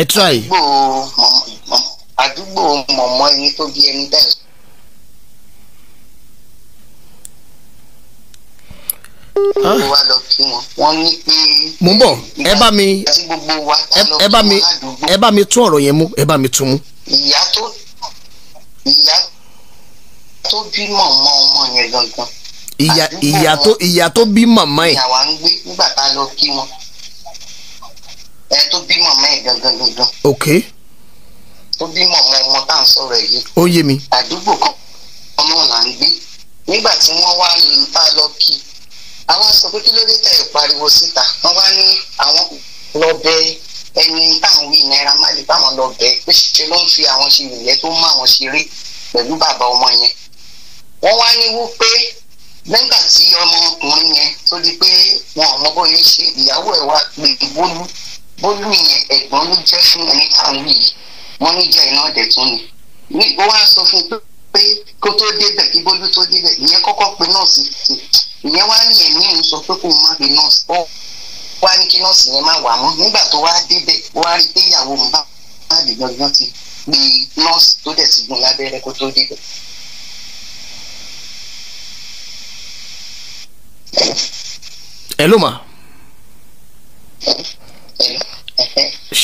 ẹ try. àdúgbò mọ̀mọ́ ẹni tó bí ẹni bẹ́ẹ̀. mo ń bọ̀ ẹ bá mi ẹ bá mi ẹ bá mi tún ọ̀rọ̀ yẹn mú ẹ bá mi tún mú. ìyá tó ìyá tó bí mọ̀mọ́ ọmọ yẹn gangan. ìyá tó ìyá tó bí màmá ẹ̀. ìyàwó à ń gbé nígbà tá a lọ kí wọn yẹn gangan gangan. ok. tó bímọ ọmọ ọmọ tá à ń sọ̀rọ̀ yìí. ó yé mi. àdúgbò kan ọmọ là ń gbé nígbà tí wọ́n wá bá lọ kí àwọn sọ pé kí ló dé tẹ̀ pariwo síta wọ́n wá ní àwọn lọ bẹ ẹni táwọn wí náírà má lè báwọn lọ bẹ pé ṣe ló ń fi àwọn ṣe yẹ̀yẹ́ tó ń mọ àwọn ṣeré pẹ̀lú bàbá ọmọ yẹn wọ́n wá ní wípé nígbà tí ọmọkùnrin yẹn tó di pé wọn ò mọ ṣe ìyàwó ẹ̀ wá pé bólú bólú yẹn ẹ̀gbọ́n ló jẹ́ fún ẹni tá a wí yìí wọ́n ní jẹ́ iná ọ̀dẹ̀ tún ni o wá sọ fún un pé kó tó débẹ̀ kí bólú tó débẹ̀ ìyẹn kọ́kọ́ pe nọ́ọ̀sì tì ìyẹn wá ní ẹ̀mí òun sọ pé kó o má pe nọ́ọ̀sì ó wá ní kí nọ́ọ̀sì yẹn má wà mọ́ nígbà tó wá débẹ̀ wá rí pé ìyàwó Mohbad gangan ti gbé nọ́ọ̀sì tó dẹ̀ ti gún lábẹ́rẹ́ kó tó débẹ̀. ẹ ló máa.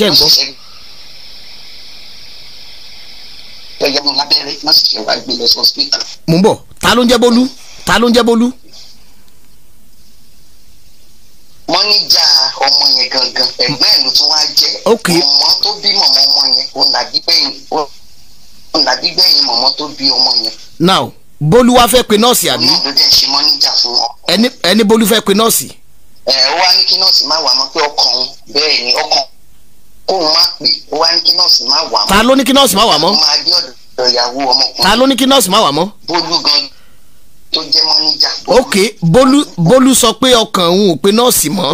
ṣe ń gbọ́. mo ń bọ̀ ta ló ń jẹ́ bólú ta ló ń jẹ́ bólú. wọ́n ní jà ọmọ yẹn gangan ẹ̀gbẹ́ ẹ̀ ló tún wá jẹ́ ọmọ tó bí mọ̀mọ́ ọmọ yẹn òun làbí gbẹ̀yìn òun làbí gbẹ̀yìn mọ̀mọ́ tó bí ọmọ yẹn. now bólú wá fẹ́ pe nọ́ọ̀sì àbí. ọmọ ìdúdẹ ṣe mọ́ níjà fún wọn. ẹni bólú fẹ́ pe nọ́ọ̀sì. ẹ ó wá ní kí nọ́ọ̀sì má wà mọ́ pé ọkàn bẹ́ẹ̀ ni ọkàn kó o má pè ó wá ní kí nọ́ọ̀sì má wà mọ́. ta ló ní kí nọ́ọ̀sì má wà mọ́. máa dé ọ̀dọ̀ ìyàwó ọmọkùnrin. ta ló ní kí nọ́ọ̀sì má wà mọ́. bólú gan tó jẹ́ mọ́níjà. ok bólú bólú sọ pé ọkàn òun ò pe nọ́ọ̀sì mọ́.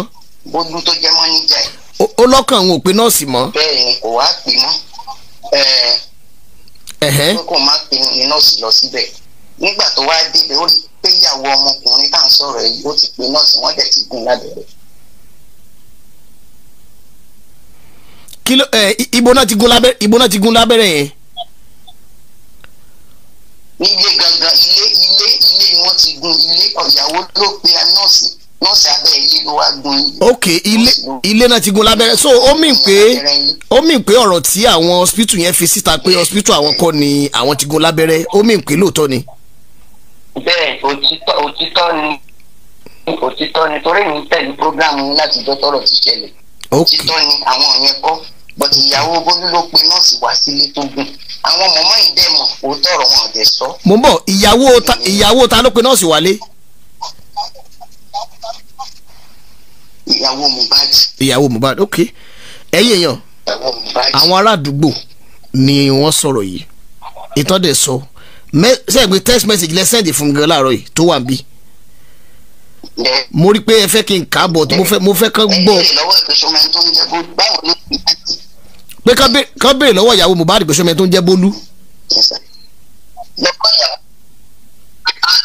bólú tó jẹ́ mọ́níjà yìí. ó lọ́kàn òun ò pe nọ́ọ̀sì mọ́. bẹ́ẹ̀ ni kò wá pè mọ́ ẹ̀ẹ́ kó má pe nọ́ọ̀sì lọ síbẹ̀ nígbà tó wá débẹ̀ kí ló ẹ ibo náà ti gún lábẹ́rẹ́ ibo náà ti gún lábẹ́rẹ́ yẹn. nílé gangan ilé ilé ilé ni ti gún ilé ọ̀yàwó ló pe nọ́ọ̀sì nọ́ọ̀sì abẹ́ ilé ló wá gún ok ilé ilé náà ti gún lábẹ́rẹ́ so ó mì pé ó mì pé ọ̀rọ̀ tí àwọn hospital yẹn fi síta pé hospital àwọn kọ́ ni àwọn ti gún lábẹ́rẹ́ ó mì pé lóòótọ́ ni. bẹ́ẹ̀ òtítọ́ òtítọ́ ni òtítọ́ ni torí mi tẹ̀lé programu láti jọ tọrọ ti ṣẹlẹ̀ òtítọ́ ni àwọn yẹn kọ́ but ìyàwó Bólú ló pe nọ́ọ̀sì wá sílé tó gùn àwọn mọ̀mọ́ ìdẹ́mọ̀ òótọ́ ọ̀rọ̀ wọn ọ̀dẹ̀ sọ. mo ń bọ̀ ìyàwó ta ló pe nọ́ọ̀sì wálé. ìyàwó Mohbad. ìyàwó Mohbad ok ẹ̀yin èèyàn àwọn ará àdúgbò ni wọ́n sọ̀rọ̀ yìí ìtàn dẹ̀ sọ sẹ́gbẹ́ text message lẹ sẹ́ndì fún mi gan láàárọ̀ yìí tó wà ń bí mo rí i pé ẹ fẹ́ kí n kà á bọ̀ mo fẹ́ kán gbọ́. ẹ ẹ lọ́wọ́ ìpèsè ẹni tó ń jẹ́ bó báwo ló ń bá ti pé kán béèrè lọ́wọ́ ìyàwó Mohbad pé sọmọ ẹ tó ń jẹ́ Bólú. lọ́kọ̀ ìyàwó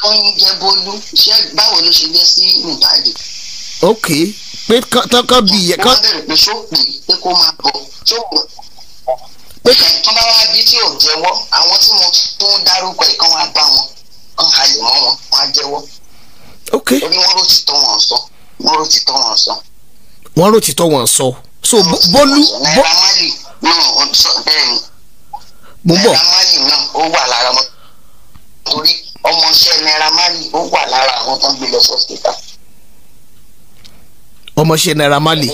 tó ń jẹ́ Bólú ṣé báwo ló ṣe jẹ́ sí Mohbad. ok pé kán bí ìyẹn kán. wọ́n bẹ̀rẹ̀ pé ṣó pè é kó máa bọ̀ ṣó pè pé tó bá wá bí tí ò jẹ́wọ́ àwọn tí mo tún dárúkọ ìkan wá bá wọn kàn halẹ̀ mọ́ wọn wọn á jẹ́wọ́. ok orí wọn rò títọ́ wọn sọ wọn rò títọ́ wọn sọ. wọn so bólú. náírà náà bẹ́ẹ̀ ni Naira Marley náà ó wà lára wọn torí ọmọọṣẹ́ Naira Marley ó wà lára àwọn tó ń gbé lọ sọ́sítà. ọmọọṣẹ́ Naira Marley.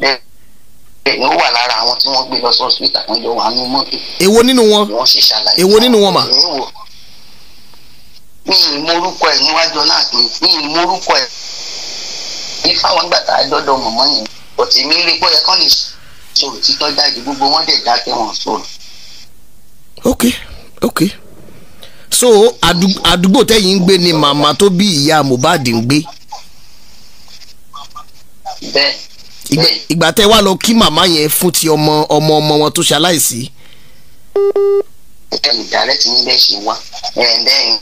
bẹ́ẹ̀ ni ó wà lára àwọn tí wọ́n gbé lọ sọ́sítà wọ́n jọ wà nínú mọ́tò. èwo nínú wọn èwo nínú wọn mà. mi ì morúkọ ẹ̀ níwájú náà pé mi ì morúkọ ẹ̀ ní fáwọn gbàtà dọ́dọ̀ mọ̀mọ́ yẹn ọ̀tí mi rí pé ẹ̀ kàn lè sọ sọ òtítọ́ jáde gbogbo wọn dẹ̀ dákẹ́ wọn sọ̀rọ̀. ok ok so àdúgbò tẹ́yìn ń gbé ni màmá tó bí ìyá Mohbad ń gbé. bẹ́ẹ̀ ìgbà tẹ́ wá lọ kí màmá yẹn fún ti ọmọ ọmọ ọmọ wọn tó ṣaláìsí. ìdàrẹ́ ti ní bẹ́ẹ̀ ṣe wá ẹ̀ bẹ́ẹ̀ ni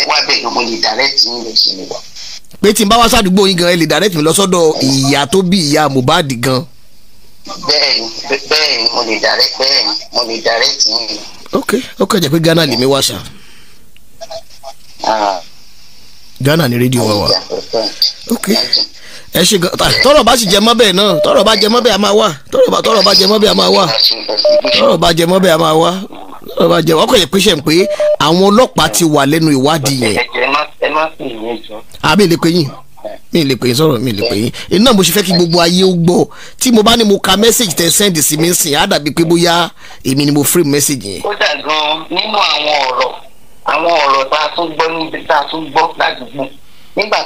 ẹ wá bẹ̀rẹ̀ mo lè dàrẹ́ ti ní bẹ́ẹ̀ ṣe wá pé tí n bá wá sádùúgbò yín gan ẹ lè direct mi lọ sọ́dọ̀ ìyá tó bí ìyá Mohbad gan. bẹ́ẹ̀ni bẹ́ẹ̀ni mo lè direct bẹ́ẹ̀ni mo lè direct yín. ok ó kàn pé Ghana lèmi wá ṣá. Ah. Ghana ni rédíò wa wà. ok ẹ ṣe gan tọrọ bá sì jẹ mọ́ bẹ́ẹ̀ náà tọrọ bá jẹ mọ́ bẹ́ẹ̀ a máa wà tọrọ bá tọrọ bá jẹ mọ́ bẹ́ẹ̀ a máa wà tọrọ bá jẹ mọ́ bẹ́ẹ̀ a máa wà tọrọ bá jẹ ọkọ yẹn pèsè pé àwọn ọlọ́pàá ti wà lẹ́nu ìwádìí yẹn má pè mí jọ. àbí lè pè yín mi lè pè yín sọ̀rọ̀ mi lè pè yín iná mo ṣe fẹ́ kí gbogbo ayé ó gbọ́ tí mo bá ní mo ka mẹ́sàgì tẹ sẹ́ndì sí mi sìn á dàbí pé bóyá èmi ni mo frame mẹ́sàgì yẹn. ó dà gan nínú àwọn ọ̀rọ̀ àwọn ọ̀rọ̀ tá a tún gbọ́ níbi tá a tún gbọ́ ládùúgbò nígbà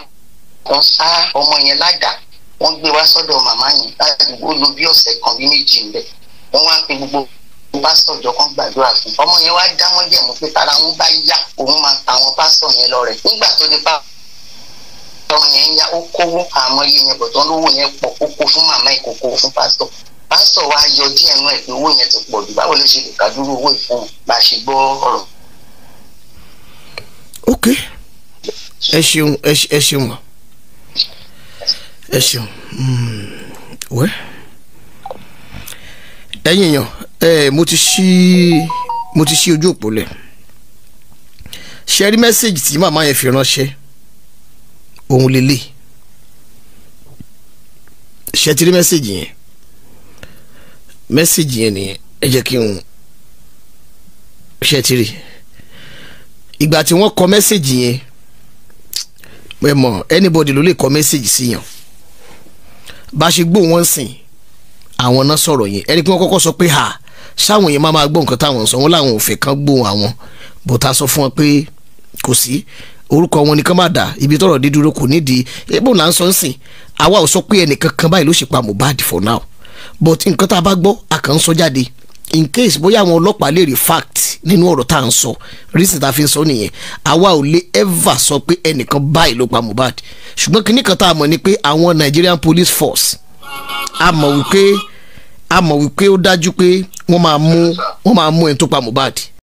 kan sá ọmọ yẹn ládàá wọ́n gbé wá sọ́dọ̀ màmá yẹn ládùúgbò ló bí ọ̀sẹ̀ kan bí méjì ń bẹ̀ wọ́n wá pe gbogbo pásítọ̀ jọ kan gbàdúrà fún ọmọ yẹn wá dámọ́ jẹ̀mú pé tara wọn bá yá òun máa ta àwọn pásítọ̀ yẹn lọ rẹ̀ nígbà tó di pa ọmọ yẹn ya ó kówó àmọ́ iye yẹn bọ̀tán lówó yẹn pọ̀ ó kó fún màmá ẹ̀ kó kó fún pásítọ̀ pásítọ̀ wa yọ díẹ̀ náà ẹ̀ pé owó yẹn ti pọ̀ jù báwo ló ṣe lè ká dúró owó ìfún bá a ṣe gbọ́ ọ̀rọ̀. ok ẹ ṣeun ẹ ṣeun ẹ ṣeun hmm. wẹ́ẹ́ ẹ̀yin èèyàn ẹ mo ti ṣí mo ti ṣí ojú òpó lẹ̀ ṣe rí mẹ́sẹ̀gì tí màmá yẹn fi ránṣẹ́ òun lélẹ̀ ṣe ti rí mẹ́sẹ̀gì yẹn mẹ́sẹ̀gì yẹn nìyẹn ẹ jẹ́ kí n ṣe ti rí ìgbà tí wọ́n kọ mẹ́sẹ̀gì yẹn ẹ mọ̀ anybody ló lè kọ mẹ́sẹ̀gì sí yàn bá ṣe gbóhùn wọn sìn àwọn náà sọ̀rọ̀ yẹn ẹni pé wọ́n kọ́kọ́ sọ pé ha ṣáwọn yẹn máa máa gbọ́ nǹkan táwọn sọ wọn láwọn ò fẹ́ kán gbóhùn àwọn bọ́tà sọ fún wọn pé kò sí orúkọ wọn nìkan máa dà ibi tọ́rọ̀ dé dúró kò nídìí ebó là ń sọ ń sìn àwa ò sọ pé ẹnìkan kan báyìí ló ṣe pa Mohbad for now but nǹkan tá a bá gbọ́ a kàn ń sọ jáde in case bóyá àwọn ọlọ́pàá lè rí fact nínú ọ̀rọ̀ tá à ń sọ reason tá a fi ń sọ nìyẹn àwa ò lè ever sọ pé ẹnìkan báyìí ló pa Mohbad ṣùgbọ́n kíní kan tá a mọ̀ ni pé àwọn Nigerian police force a mọ̀ wípé a mọ̀ wípé ó dájú pé wọ́n máa mú wọ́n máa mú ẹni tó pa Mohbad